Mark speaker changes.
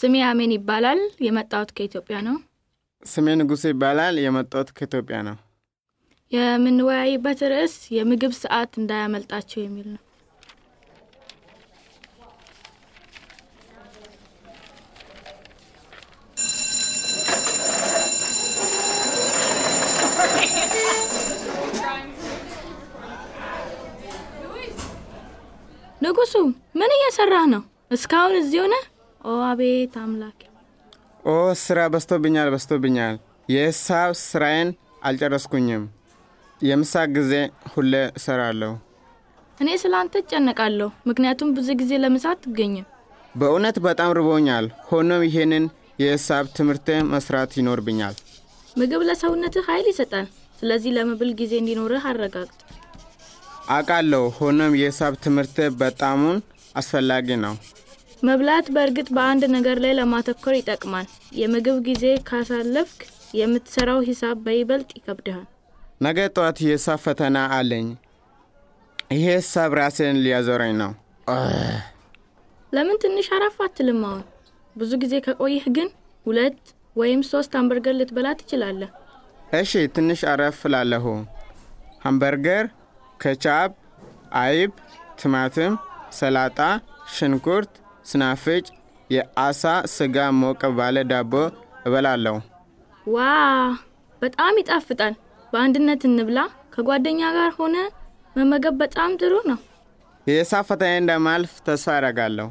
Speaker 1: ስሜ አሜን ይባላል። የመጣሁት ከኢትዮጵያ ነው።
Speaker 2: ስሜ ንጉሴ ይባላል። የመጣሁት ከኢትዮጵያ ነው።
Speaker 1: የምንወያይበት ርዕስ የምግብ ሰዓት እንዳያመልጣቸው የሚል ነው። ንጉሱ ምን እየሰራህ ነው? እስካሁን እዚህ ሆነህ ኦ አቤት አምላክ፣
Speaker 2: ኦ ስራ በስቶብኛል በስቶብኛል የሂሳብ ስራዬን አልጨረስኩኝም። የምሳ ጊዜ ሁሌ እሰራለሁ።
Speaker 1: እኔ ስለ አንተ እጨነቃለሁ፣ ምክንያቱም ብዙ ጊዜ ለምሳ አትገኝም።
Speaker 2: በእውነት በጣም ርቦኛል። ሆኖም ይሄንን የሂሳብ ትምህርት መስራት ይኖርብኛል።
Speaker 1: ምግብ ለሰውነትህ ኃይል ይሰጣል። ስለዚህ ለመብል ጊዜ እንዲኖርህ አረጋግጥ።
Speaker 2: አውቃለሁ። ሆኖም የሂሳብ ትምህርት በጣሙን አስፈላጊ ነው።
Speaker 1: መብላት በእርግጥ በአንድ ነገር ላይ ለማተኮር ይጠቅማል። የምግብ ጊዜ ካሳለፍክ የምትሰራው ሂሳብ በይበልጥ ይከብድሃል።
Speaker 2: ነገ ጠዋት የሂሳብ ፈተና አለኝ። ይሄ ሂሳብ ራሴን ሊያዞረኝ ነው።
Speaker 1: ለምን ትንሽ አረፍ አትልም? አሁን ብዙ ጊዜ ከቆይህ ግን ሁለት ወይም ሶስት አምበርገር ልትበላ ትችላለህ።
Speaker 2: እሺ ትንሽ አረፍ ላለሁ። አምበርገር፣ ከቻፕ፣ አይብ፣ ቲማቲም፣ ሰላጣ፣ ሽንኩርት ስናፍጭ የአሳ ስጋ ሞቅ ባለ ዳቦ እበላለሁ።
Speaker 1: ዋ በጣም ይጣፍጣል። በአንድነት እንብላ። ከጓደኛ ጋር ሆነ መመገብ በጣም ጥሩ ነው።
Speaker 2: የሂሳብ ፈተናዬን እንደማልፍ ተስፋ አደርጋለሁ።